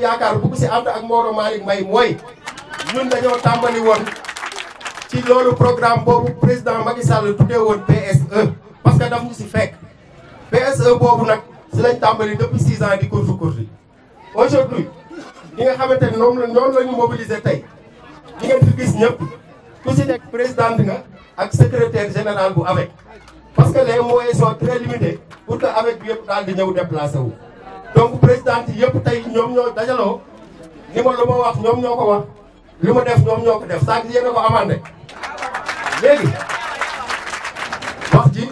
yaakaar bu si ànd ak Maodo Malick may mooy ñun dañoo tàmbali woon ci ñoonu programme boobu président Macky Sall tuddee woon PSE parce que daf ñu si fekk PSE boobu nag si lañ tàmbali depuis six ans di courte courte aujourd'hui nga xamante ne noonu la noonu la ñu mobiliser tey ñi ngeen fi gis ñëpp ku si nekk présidente nga ak secrétaire général bu amee parce que les moyens sont très limités pour que avec bi yëpp daal di ñëw déplacé wu donc président yi yëpp tey ñoom ñoo dajaloo ni ma lu ma wax ñoom ñoo ko wax lu ma def ñoom ñoo ko def sànq yéen a ko amandé léegi wax ji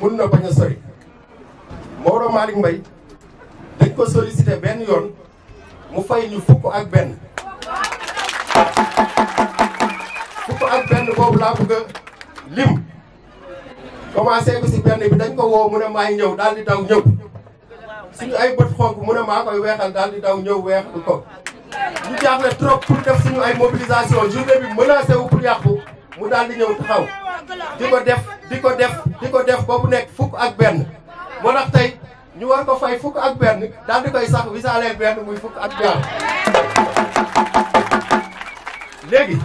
mun na bañ a sori Maodo Malick Mbaye dañ ko sollicité benn yoon mu fay ñu fukk ak benn fukk ak benn boobu laa bëgg a lim commencé ko si benn bi dañ ko woo mu ne maay ñëw daal di daw ñëw. suñu ay bët xonk mu ne maa koy weexal daal di daw ñëw weex du ko ñu jaaxle trop pour def suñu ay mobilisation journée bi menacé wu pour yàqu mu daal di ñëw taxaw di ko def di ko def di ko def ba bu nekk fukk ak benn moo tax tey ñu war ko fay fukk ak benn daal di koy sax wisaalee benn muy fukk ak ñaar léegi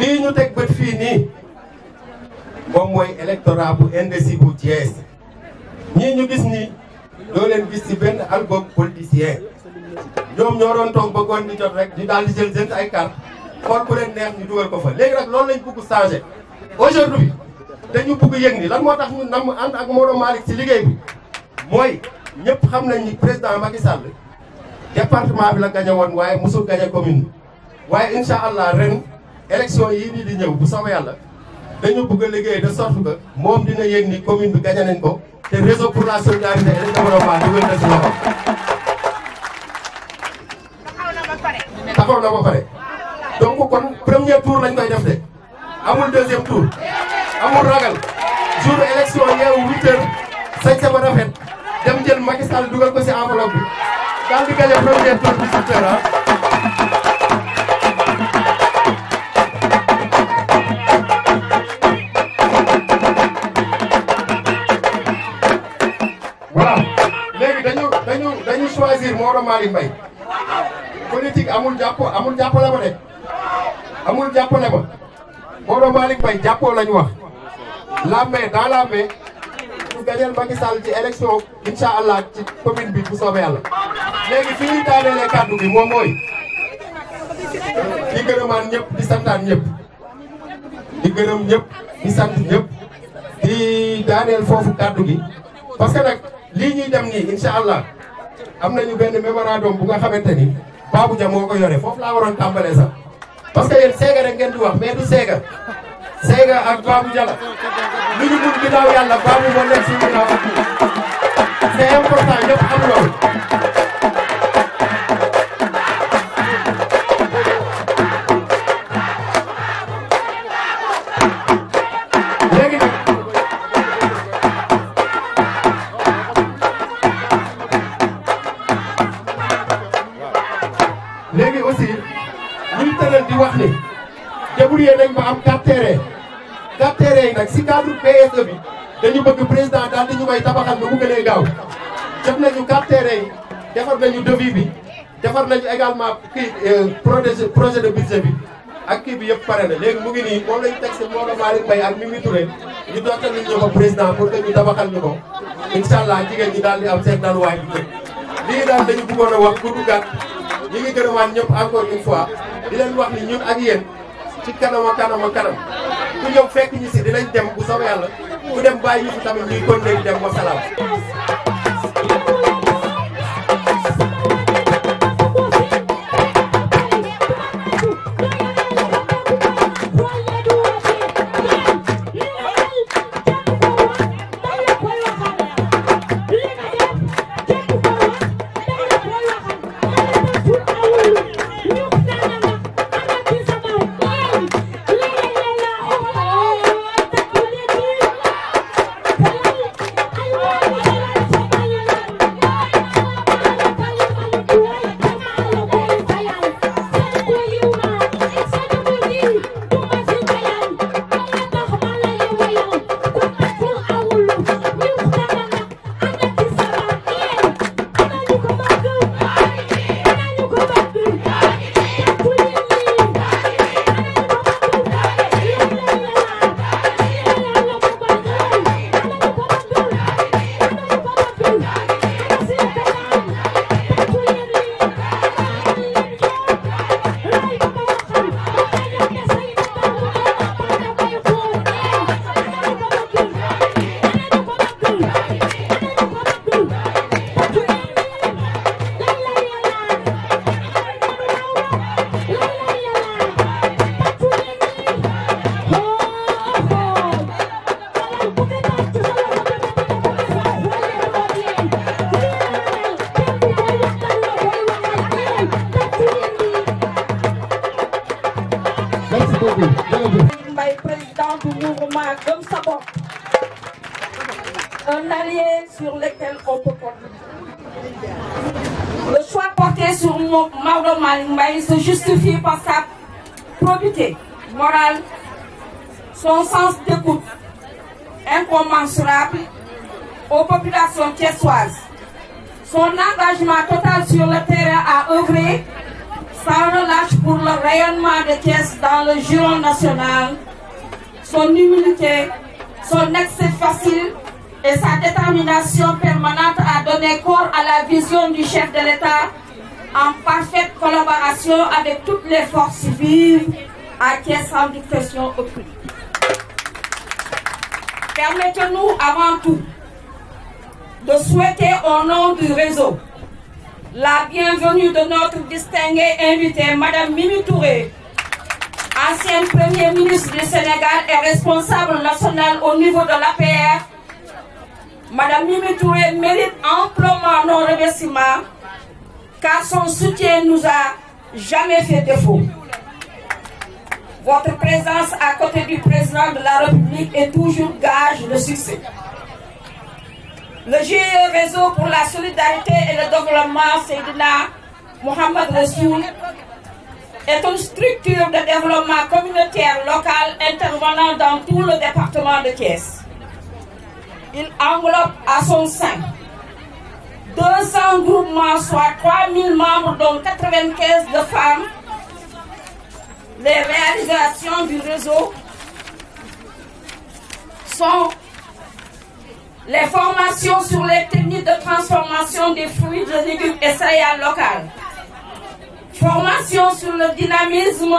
lii ñu teg bët fii nii moom mooy électorat bu indécis bu Thiès ñii ñu gis nii dolen leen gis ci ben album politicien ñom ñoo tok toog bëggoon di jot rek di dal di jël jënd ay carte for ku leen neex ñu duggal ko fa léegi nag loolu lañ bëgg changer aujourd'hui dañu bëgg yëg ni lan moo tax ñu nam and ak modo malik ci liggéey bi moy ñepp xam nañ ni président Macky Sall département bi la gagné won waye musul gagné commune waye inshallah ren élection yi ni di ñëw bu sama yalla dañu bëgg a liggéey de sorte que moom dina yéeg ni commune bi gañe ko te réseau pour la solidarité et le développement dugal na si loxo. taxaw na ba pare. donc kon premier tour lañ koy def de amul deuxième tour amul ragal jour élection yeewu huit heures sañse ba rafet dem jël Macky Sall dugal ko si enveloppe bi daal di gagné premier tour bi si Basir Moro doon Mbaye politique amul jappo amul jàppale ba de amul jàppale ba moo doon Malick Mbaye jappo lañ wax la main da la main pour gagnal Macky Sall ci élection inshallah ci commune bi bu soobee Yalla légui fi ñu talé taanelee kàddu bi moom moy di gëreum gërëmaan ñëpp di santaan ñëpp di gëreum ñëpp di sant ñëpp di daanel fofu cadeau gi parce que nak li ñuy dem ni inshallah am nañu benn mémorandum bu nga xamante ni Babou Dia moo ko yore foofu laa waroon tàmbalee sax parce que yéen Sega rek wax mais du Sega Sega ak Babou Dia la lu ñu mun ginnaaw yàlla Babou si ginnaaw ak c'est important ñëpp am loolu wax ni débrouillé nañ ba am quatre terrains quatre terrains yi nag si cadre PSE bi dañu bëgg président daal di ñu koy tabaxal ba mu gënee gaaw def nañu quatre terrains yi defar nañu devis bi defar nañu également kii euh, projet de budget bi ak kii bi yëpp pare na léegi mu ngi nii moom lañu teg si Maodo Malick Mbaye ak Mimi Touré ñu doxal ñu ko président pour que ñu tabaxal ñu ko incha jigéen ñi daal di am seen daluwaay bi lii daal dañu bëggoon a wax pour gàtt. ñu ngi gërëmaat ñëpp encore une fois di leen wax ni ñun ak yéen ci kanam a kanam a ku ñëw fekk ñu si dinañ dem bu soobee yàlla ku dem bàyyi ñu fi tamit ñuy continuer di dem wasalaam. président du mouvement comme un allié sur lequel on peut compter. Le choix porté sur mon Malick Mbaye se justifie par sa probité morale, son sens d'écoute incommensurable aux populations thiessoises, son engagement total sur le terrain à œuvrer sans relâche pour le rayonnement de caisse dans le giron national, son humilité, son accès facile et sa détermination permanente à donné corps à la vision du chef de l'État en parfaite collaboration avec toutes les forces vives à en sans au aucune. Permettez-nous avant tout de souhaiter au nom du réseau la bienvenue de notre distinguée invitée, Madame Mimi Touré, ancienne Premier ministre du Sénégal et responsable nationale au niveau de l'APR. Madame Mimi Touré mérite amplement nos remerciements car son soutien nous a jamais fait défaut. Votre présence à côté du président de la République est toujours gage de succès. Le GIE Réseau pour la solidarité et le développement Seydina Mohamed Rassoul, est une structure de développement communautaire local intervenant dans tout le département de caisse. Il enveloppe à son sein 200 groupements, soit 3000 membres, dont 95 de femmes. Les réalisations du réseau sont les formations sur les techniques de transformation des fruits de légumes et céréales locales, formation sur le dynamisme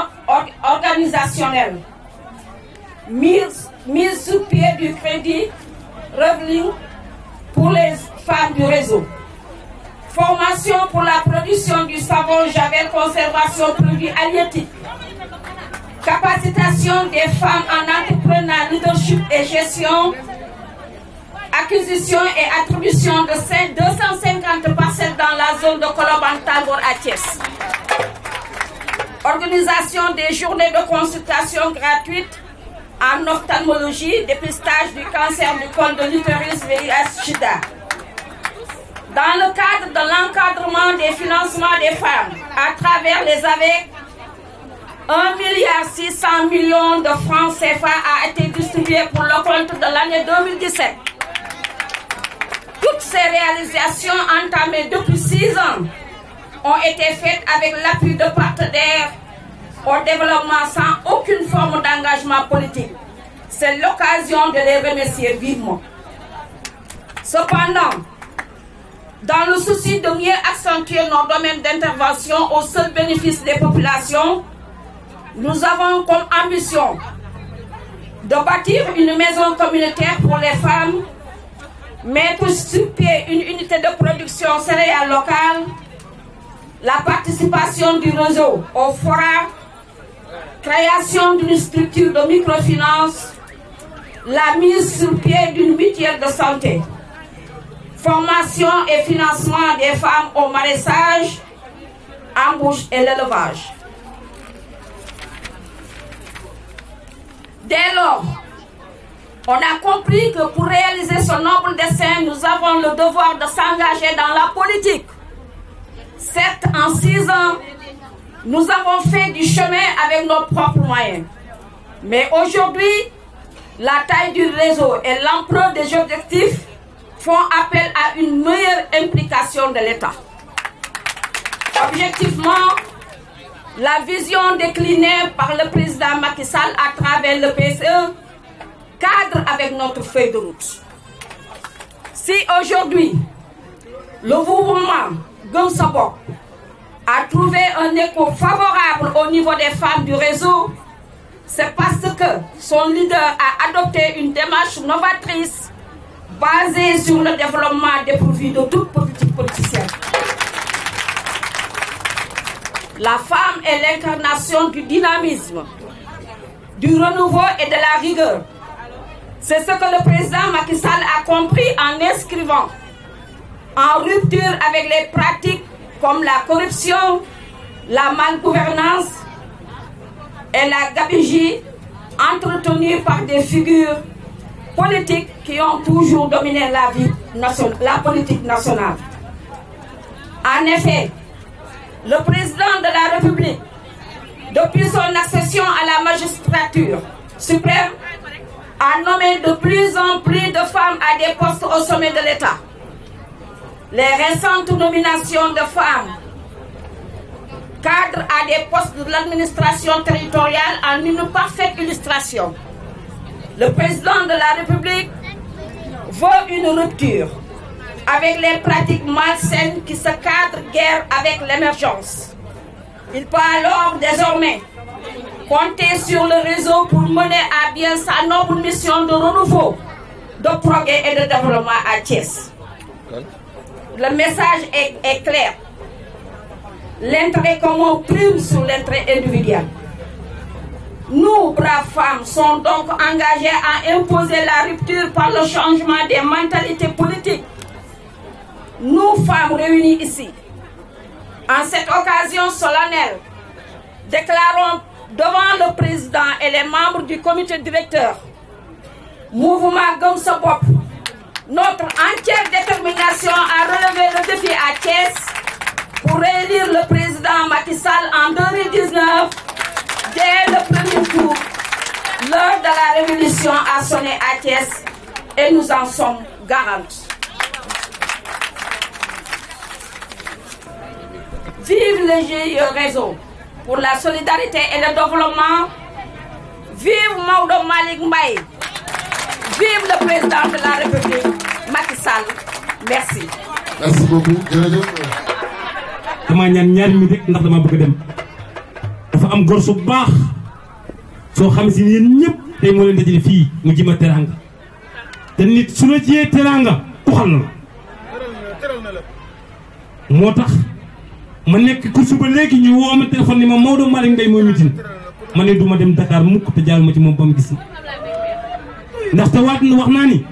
organisationnel, mise, sous pied du crédit revenu pour les femmes du réseau, formation pour la production du savon Javel conservation de produits aléatiques. capacitation des femmes en entrepreneuriat, leadership et gestion acquisition et attribution de 250 parcelles dans la zone de koloban à Organisation des journées de consultation gratuites en ophtalmologie, dépistage du cancer du col de l'utérus VIH-Sida. Dans le cadre de l'encadrement des financements des femmes à travers les AVEC, 1,6 milliard de francs CFA a été distribué pour le compte de l'année 2017 les réalisations entamées depuis six ans ont été faites avec l'appui de partenaires au développement sans aucune forme d'engagement politique. C'est l'occasion de les remercier vivement. Cependant, dans le souci de mieux accentuer nos domaines d'intervention au seul bénéfice des populations, nous avons comme ambition de bâtir une maison communautaire pour les femmes mettre sur pied une unité de production céréale locale, la participation du réseau au FORA, création d'une structure de microfinance, la mise sur pied d'une mutuelle de santé, formation et financement des femmes au maraîchage, embauche et l'élevage. Dès lors, on a compris que pour réaliser ce noble dessein, nous avons le devoir de s'engager dans la politique. Certes, en six ans, nous avons fait du chemin avec nos propres moyens. Mais aujourd'hui, la taille du réseau et l'ampleur des objectifs font appel à une meilleure implication de l'État. Objectivement, la vision déclinée par le président Macky Sall à travers le PSE cadre avec notre feuille de route. Si aujourd'hui, le mouvement Gonsabo a trouvé un écho favorable au niveau des femmes du réseau, c'est parce que son leader a adopté une démarche novatrice basée sur le développement des produits de toute politique politicienne. La femme est l'incarnation du dynamisme, du renouveau et de la rigueur. C'est ce que le président Macky Sall a compris en inscrivant en rupture avec les pratiques comme la corruption, la malgouvernance et la gabegie entretenues par des figures politiques qui ont toujours dominé la vie la politique nationale. En effet, le président de la République, depuis son accession à la magistrature suprême, a nommé de plus en plus de femmes à des postes au sommet de l'État. Les récentes nominations de femmes cadres à des postes de l'administration territoriale en une parfaite illustration. Le président de la République veut une rupture avec les pratiques malsaines qui se cadrent guère avec l'émergence. Il parle alors désormais Comptez sur le réseau pour mener à bien sa noble mission de renouveau, de progrès et de développement à Thiès. Le message est, clair. L'intérêt commun prime sur l'intérêt individuel. Nous, braves femmes, sommes donc engagées à imposer la rupture par le changement des mentalités politiques. Nous, femmes réunies ici, en cette occasion solennelle, déclarons devant le président et les membres du comité directeur, Mouvement Gomsopop, notre entière détermination à relever le défi à Thiès pour réélire le président Macky Sall en 2019 dès le premier tour. L'heure de la révolution a sonné à Thiès et nous en sommes garantes. Vive le GIE Réseau pour la solidarité et le développement. Vive Maudo Malik Mbaye. Vive le président de la République, Macky Sall. Merci. Merci beaucoup. jërëjëf. damaa ñaan ñaari minutes ndax dama bëgg dem dafa am gor su baax soo xam si ne yéen ñëpp tey moo leen dajale fii mu jima teranga te nit su la jiyee teranga uxal na la moo tax. ma nek ku suba legi ñu wo ma telephone ni ma Maodo malik Mbaye moy mitin mané duma dem Dakar mukk te jaaluma ci mom bam gis ndax ta wat wax na ni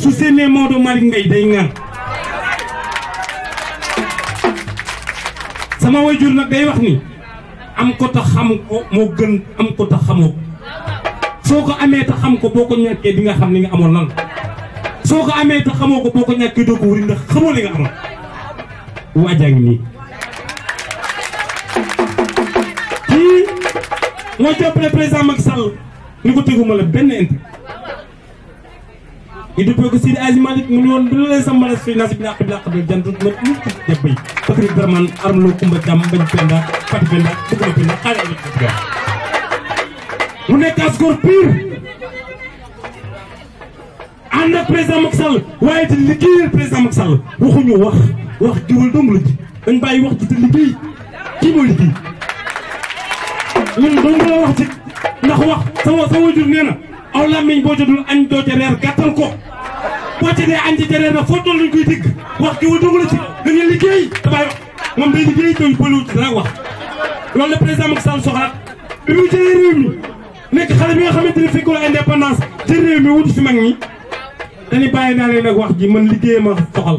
su sene malik day sama wayjur nak day wax ni am ko ta xam ko mo gën am ko ta xamoo soo ko amee ta xam ko boko ko di nga xam li nga amon lan amé ta ko ko wuri ndax xamoo li nga amon Wajah ini, nii kii moo président Macky Sall ni ko teguma la benn intérêt il dëppee ko Sidi Aji Malick mu ne woon bu la sama mala suy naa si bi làq bi ko jëbbay Patrick Berman Kumba Jam Penda Penda Penda mu président Macky Sall président Macky Sall wax wax jubal dong ji dañ bàyyi wax ci te liggéey kii mooy liggéey loolu dong la wax ci ndax wax sama sama jur nee na aw làmmiñ boo jotul añ doo ca reer gàttal ko boo ca añ ca na foo toll dañ koy wax jubal dong la ci liggéey da bàyyi wax moom day liggéey tooy bëliwu ci dara wax loolu la président Macky Sall soxlaat bi mu jëlee réew mi nekk xale bi nga xamante ne fekkoo indépendance te réew mi wutu fi mag ñi dañu bàyyi naa leen nag wax ji man liggéey a soxal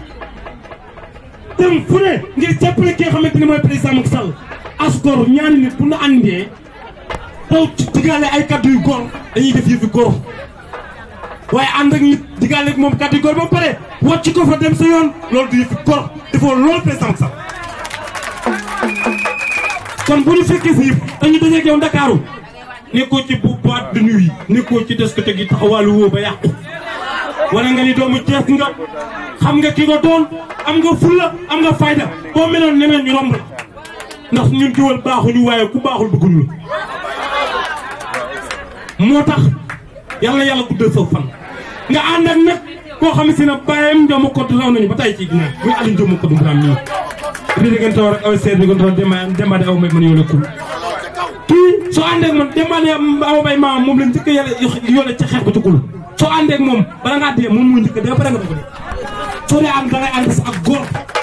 dem fu ne ngir jàppale ki nga xamante ni mooy président Macky Sall asgor ñaari nit bu ñu àndee taw digaale ay kaddu yu góor dañuy def yëfi góor waaye ànd ak nit digaale moom kaddu yu góor ba pare wàcc ko fa dem sa yoon loolu du yëfi góor dafoo loolu président Macky Sall kon bu ñu fekkee si yëpp dañu dajeeg yow Ndakaaru nekkoo ci bu boîte de nuit yi nekkoo ci discothèque yi taxawaalu woo ba yàqu wala nga ni doomu Cees nga xam nga ki nga doon am nga fulla am nga fayda boo meloon neneen ñu romb ndax ñun jiwal baaxuñu waaye ku baaxul bëgguñu moo tax yàlla yàlla guddal sa fan nga ànd ak nag koo xam si ne bàyyam doomu ko raw nañu ba tay ci ginnaaw muy Aliou Ndiob Makodou Birame ñii. bii da ngeen toog rek aw seet ni ko doon demaat demaat aw may mën a yore soo àndee ak man dembaane ama bay maam moom la njëkk a yàlla yore ci xeex ba ci kul soo àndee ak moom bala ngaa dee moom moo njëkk a dee ba pare soo ne am da ngay ànd ak góor